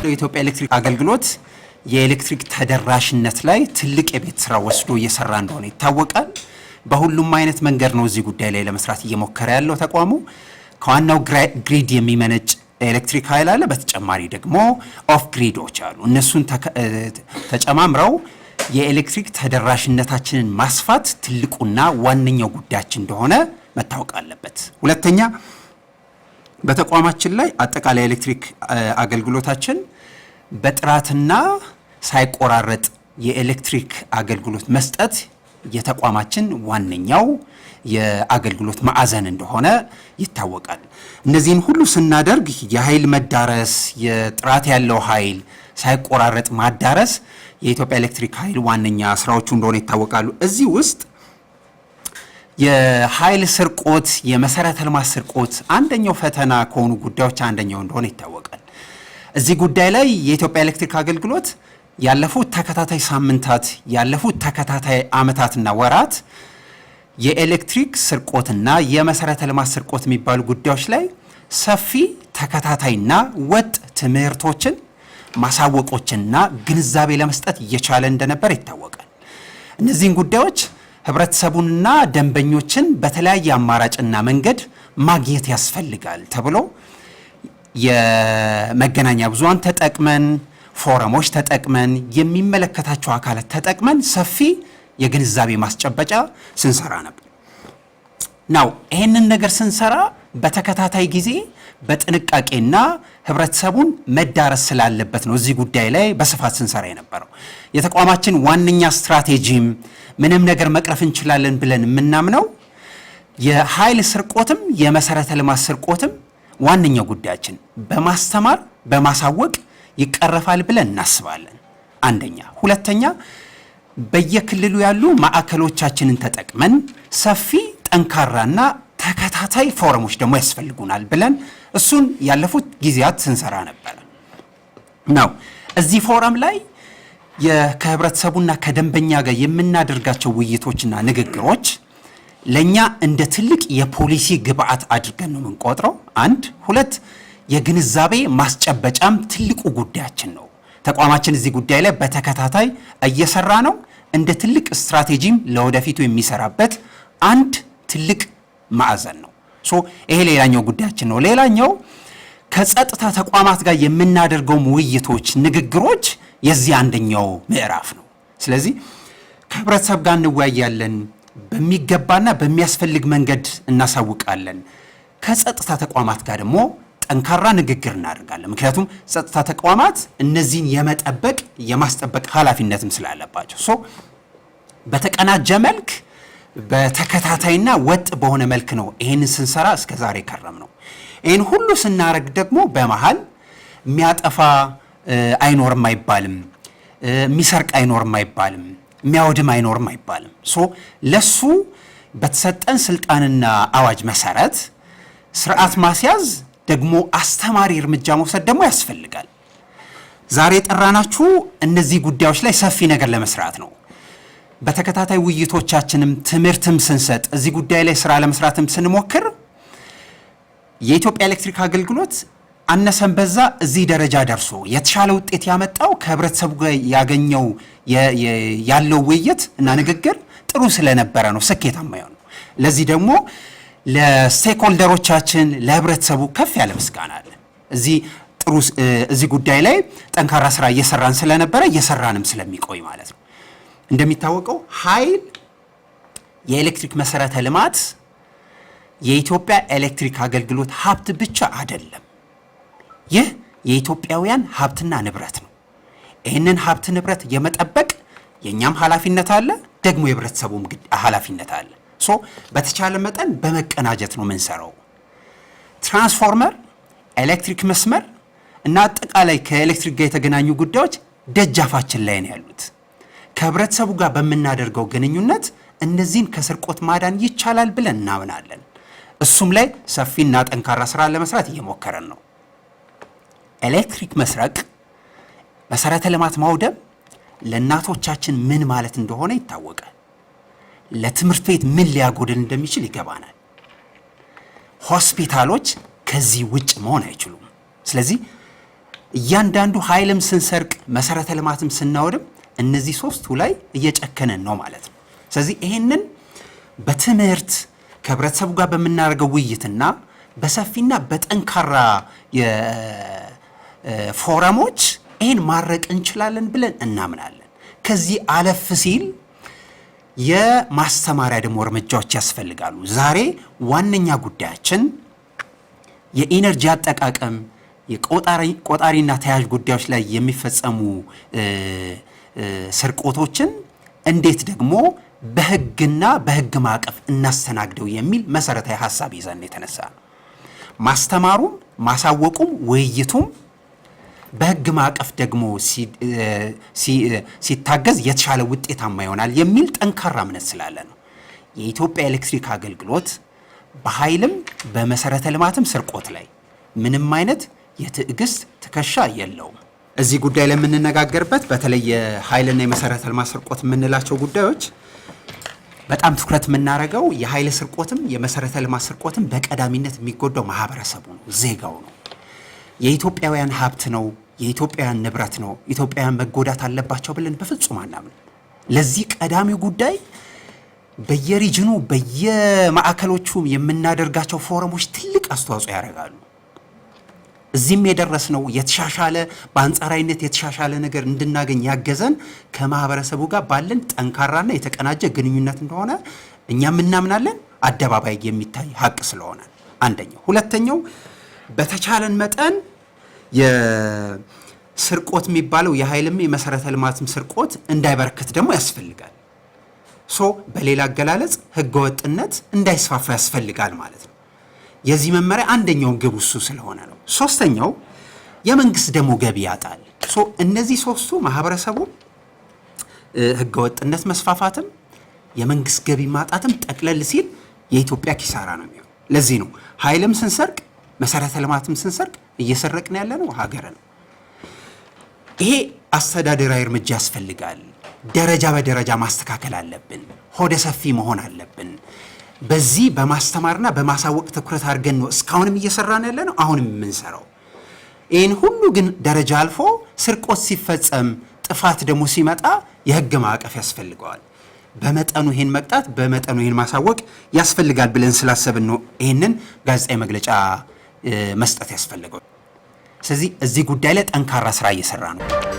የሚቀጥለው የኢትዮጵያ ኤሌክትሪክ አገልግሎት የኤሌክትሪክ ተደራሽነት ላይ ትልቅ የቤት ስራ ወስዶ እየሰራ እንደሆነ ይታወቃል። በሁሉም አይነት መንገድ ነው እዚህ ጉዳይ ላይ ለመስራት እየሞከረ ያለው ተቋሙ። ከዋናው ግሪድ የሚመነጭ ኤሌክትሪክ ኃይል አለ። በተጨማሪ ደግሞ ኦፍ ግሪዶች አሉ። እነሱን ተጨማምረው የኤሌክትሪክ ተደራሽነታችንን ማስፋት ትልቁና ዋነኛው ጉዳያችን እንደሆነ መታወቅ አለበት። ሁለተኛ በተቋማችን ላይ አጠቃላይ ኤሌክትሪክ አገልግሎታችን በጥራትና ሳይቆራረጥ የኤሌክትሪክ አገልግሎት መስጠት የተቋማችን ዋነኛው የአገልግሎት ማዕዘን እንደሆነ ይታወቃል። እነዚህን ሁሉ ስናደርግ የኃይል መዳረስ፣ የጥራት ያለው ኃይል ሳይቆራረጥ ማዳረስ የኢትዮጵያ ኤሌክትሪክ ኃይል ዋነኛ ስራዎቹ እንደሆነ ይታወቃሉ። እዚህ ውስጥ የኃይል ስርቆት፣ የመሰረተ ልማት ስርቆት አንደኛው ፈተና ከሆኑ ጉዳዮች አንደኛው እንደሆነ ይታወቃል። እዚህ ጉዳይ ላይ የኢትዮጵያ ኤሌክትሪክ አገልግሎት ያለፉት ተከታታይ ሳምንታት ያለፉት ተከታታይ ዓመታትና ወራት የኤሌክትሪክ ስርቆትና የመሰረተ ልማት ስርቆት የሚባሉ ጉዳዮች ላይ ሰፊ ተከታታይና ወጥ ትምህርቶችን ማሳወቆችንና ግንዛቤ ለመስጠት እየቻለ እንደነበር ይታወቃል። እነዚህን ጉዳዮች ህብረተሰቡንና ደንበኞችን በተለያየ አማራጭና መንገድ ማግኘት ያስፈልጋል ተብሎ የመገናኛ ብዙሃን ተጠቅመን ፎረሞች ተጠቅመን የሚመለከታቸው አካላት ተጠቅመን ሰፊ የግንዛቤ ማስጨበጫ ስንሰራ ነበር ናው ይህንን ነገር ስንሰራ በተከታታይ ጊዜ በጥንቃቄና ህብረተሰቡን መዳረስ ስላለበት ነው እዚህ ጉዳይ ላይ በስፋት ስንሰራ የነበረው። የተቋማችን ዋነኛ ስትራቴጂም ምንም ነገር መቅረፍ እንችላለን ብለን የምናምነው የኃይል ስርቆትም የመሰረተ ልማት ስርቆትም ዋነኛው ጉዳያችን በማስተማር በማሳወቅ ይቀረፋል ብለን እናስባለን። አንደኛ። ሁለተኛ በየክልሉ ያሉ ማዕከሎቻችንን ተጠቅመን ሰፊ ጠንካራና ተከታታይ ፎረሞች ደግሞ ያስፈልጉናል ብለን እሱን ያለፉት ጊዜያት ስንሰራ ነበር። ነው። እዚህ ፎረም ላይ ከህብረተሰቡና ከደንበኛ ጋር የምናደርጋቸው ውይይቶችና ንግግሮች ለእኛ እንደ ትልቅ የፖሊሲ ግብዓት አድርገን ነው የምንቆጥረው። አንድ ሁለት የግንዛቤ ማስጨበጫም ትልቁ ጉዳያችን ነው። ተቋማችን እዚህ ጉዳይ ላይ በተከታታይ እየሰራ ነው። እንደ ትልቅ ስትራቴጂም ለወደፊቱ የሚሰራበት አንድ ትልቅ ማዕዘን ነው። ሶ ይሄ ሌላኛው ጉዳያችን ነው። ሌላኛው ከጸጥታ ተቋማት ጋር የምናደርገው ውይይቶች፣ ንግግሮች የዚህ አንደኛው ምዕራፍ ነው። ስለዚህ ከህብረተሰብ ጋር እንወያያለን በሚገባና በሚያስፈልግ መንገድ እናሳውቃለን። ከጸጥታ ተቋማት ጋር ደግሞ ጠንካራ ንግግር እናደርጋለን። ምክንያቱም ጸጥታ ተቋማት እነዚህን የመጠበቅ የማስጠበቅ ኃላፊነትም ስላለባቸው ሶ በተቀናጀ መልክ በተከታታይና ወጥ በሆነ መልክ ነው ይህንን ስንሰራ እስከ ዛሬ ከረም ነው። ይህን ሁሉ ስናደርግ ደግሞ በመሀል የሚያጠፋ አይኖርም አይባልም፣ የሚሰርቅ አይኖርም አይባልም። የሚያወድም አይኖርም አይባልም። ሶ ለሱ በተሰጠን ስልጣንና አዋጅ መሰረት ስርዓት ማስያዝ ደግሞ አስተማሪ እርምጃ መውሰድ ደግሞ ያስፈልጋል። ዛሬ የጠራናችሁ እነዚህ ጉዳዮች ላይ ሰፊ ነገር ለመስራት ነው። በተከታታይ ውይይቶቻችንም ትምህርትም ስንሰጥ እዚህ ጉዳይ ላይ ስራ ለመስራትም ስንሞክር የኢትዮጵያ ኤሌክትሪክ አገልግሎት አነሰን በዛ እዚህ ደረጃ ደርሶ የተሻለ ውጤት ያመጣው ከህብረተሰቡ ጋር ያገኘው ያለው ውይይት እና ንግግር ጥሩ ስለነበረ ነው ስኬታማ የሆነው። ለዚህ ደግሞ ለስቴክሆልደሮቻችን ለህብረተሰቡ ከፍ ያለ ምስጋና አለ። እዚህ ጥሩ እዚህ ጉዳይ ላይ ጠንካራ ስራ እየሰራን ስለነበረ እየሰራንም ስለሚቆይ ማለት ነው። እንደሚታወቀው ኃይል የኤሌክትሪክ መሰረተ ልማት የኢትዮጵያ ኤሌክትሪክ አገልግሎት ሀብት ብቻ አይደለም። ይህ የኢትዮጵያውያን ሀብትና ንብረት ነው። ይህንን ሀብት ንብረት የመጠበቅ የእኛም ኃላፊነት አለ፣ ደግሞ የህብረተሰቡም ኃላፊነት አለ። ሶ በተቻለ መጠን በመቀናጀት ነው የምንሰራው። ትራንስፎርመር፣ ኤሌክትሪክ መስመር እና አጠቃላይ ከኤሌክትሪክ ጋር የተገናኙ ጉዳዮች ደጃፋችን ላይ ነው ያሉት። ከህብረተሰቡ ጋር በምናደርገው ግንኙነት እነዚህን ከስርቆት ማዳን ይቻላል ብለን እናምናለን። እሱም ላይ ሰፊና ጠንካራ ስራ ለመስራት እየሞከረን ነው። ኤሌክትሪክ መስረቅ፣ መሰረተ ልማት ማውደም ለእናቶቻችን ምን ማለት እንደሆነ ይታወቃል። ለትምህርት ቤት ምን ሊያጎድል እንደሚችል ይገባናል። ሆስፒታሎች ከዚህ ውጭ መሆን አይችሉም። ስለዚህ እያንዳንዱ ኃይልም ስንሰርቅ፣ መሰረተ ልማትም ስናወድም እነዚህ ሶስቱ ላይ እየጨከነን ነው ማለት ነው። ስለዚህ ይሄንን በትምህርት ከህብረተሰቡ ጋር በምናደርገው ውይይትና በሰፊና በጠንካራ ፎረሞች ይህን ማድረቅ እንችላለን ብለን እናምናለን። ከዚህ አለፍ ሲል የማስተማሪያ ደግሞ እርምጃዎች ያስፈልጋሉ። ዛሬ ዋነኛ ጉዳያችን የኢነርጂ አጠቃቀም የቆጣሪና ተያዥ ጉዳዮች ላይ የሚፈጸሙ ስርቆቶችን እንዴት ደግሞ በህግና በህግ ማዕቀፍ እናስተናግደው የሚል መሰረታዊ ሀሳብ ይዘን የተነሳ ነው። ማስተማሩም ማሳወቁም ውይይቱም በህግ ማዕቀፍ ደግሞ ሲታገዝ የተሻለ ውጤታማ ይሆናል የሚል ጠንካራ እምነት ስላለ ነው። የኢትዮጵያ ኤሌክትሪክ አገልግሎት በኃይልም በመሰረተ ልማትም ስርቆት ላይ ምንም አይነት የትዕግስት ትከሻ የለውም። እዚህ ጉዳይ ላይ የምንነጋገርበት በተለይ የኃይልና የመሰረተ ልማት ስርቆት የምንላቸው ጉዳዮች በጣም ትኩረት የምናደርገው የኃይል ስርቆትም የመሰረተ ልማት ስርቆትም በቀዳሚነት የሚጎዳው ማህበረሰቡ ነው፣ ዜጋው ነው። የኢትዮጵያውያን ሀብት ነው፣ የኢትዮጵያውያን ንብረት ነው፣ ኢትዮጵያውያን መጎዳት አለባቸው ብለን በፍጹም አናምን። ለዚህ ቀዳሚ ጉዳይ በየሪጅኑ በየማዕከሎቹም የምናደርጋቸው ፎረሞች ትልቅ አስተዋጽኦ ያደርጋሉ። እዚህም የደረስነው የተሻሻለ በአንጻራዊነት የተሻሻለ ነገር እንድናገኝ ያገዘን ከማህበረሰቡ ጋር ባለን ጠንካራና የተቀናጀ ግንኙነት እንደሆነ እኛም እናምናለን። አደባባይ የሚታይ ሀቅ ስለሆነ አንደኛው። ሁለተኛው በተቻለን መጠን ስርቆት የሚባለው የኃይልም የመሰረተ ልማትም ስርቆት እንዳይበረከት ደግሞ ያስፈልጋል። ሶ በሌላ አገላለጽ ህገወጥነት እንዳይስፋፋ ያስፈልጋል ማለት ነው። የዚህ መመሪያ አንደኛው ግቡ እሱ ስለሆነ ነው። ሶስተኛው የመንግስት ደግሞ ገቢ ያጣል። ሶ እነዚህ ሶስቱ ማህበረሰቡ ህገወጥነት መስፋፋትም የመንግስት ገቢ ማጣትም ጠቅለል ሲል የኢትዮጵያ ኪሳራ ነው የሚሆን። ለዚህ ነው ኃይልም ስንሰርቅ መሰረተ ልማትም ስንሰርቅ እየሰረቅን ያለ ነው ሀገርን። ይሄ አስተዳደራዊ እርምጃ ያስፈልጋል። ደረጃ በደረጃ ማስተካከል አለብን። ሆደ ሰፊ መሆን አለብን። በዚህ በማስተማርና በማሳወቅ ትኩረት አድርገን ነው እስካሁንም እየሰራን ያለ ነው፣ አሁንም የምንሰራው። ይህን ሁሉ ግን ደረጃ አልፎ ስርቆት ሲፈጸም ጥፋት ደግሞ ሲመጣ የህግ ማዕቀፍ ያስፈልገዋል። በመጠኑ ይህን መቅጣት፣ በመጠኑ ይህን ማሳወቅ ያስፈልጋል ብለን ስላሰብን ነው ይህንን ጋዜጣዊ መግለጫ መስጠት ያስፈልገው። ስለዚህ እዚህ ጉዳይ ላይ ጠንካራ ስራ እየሰራ ነው።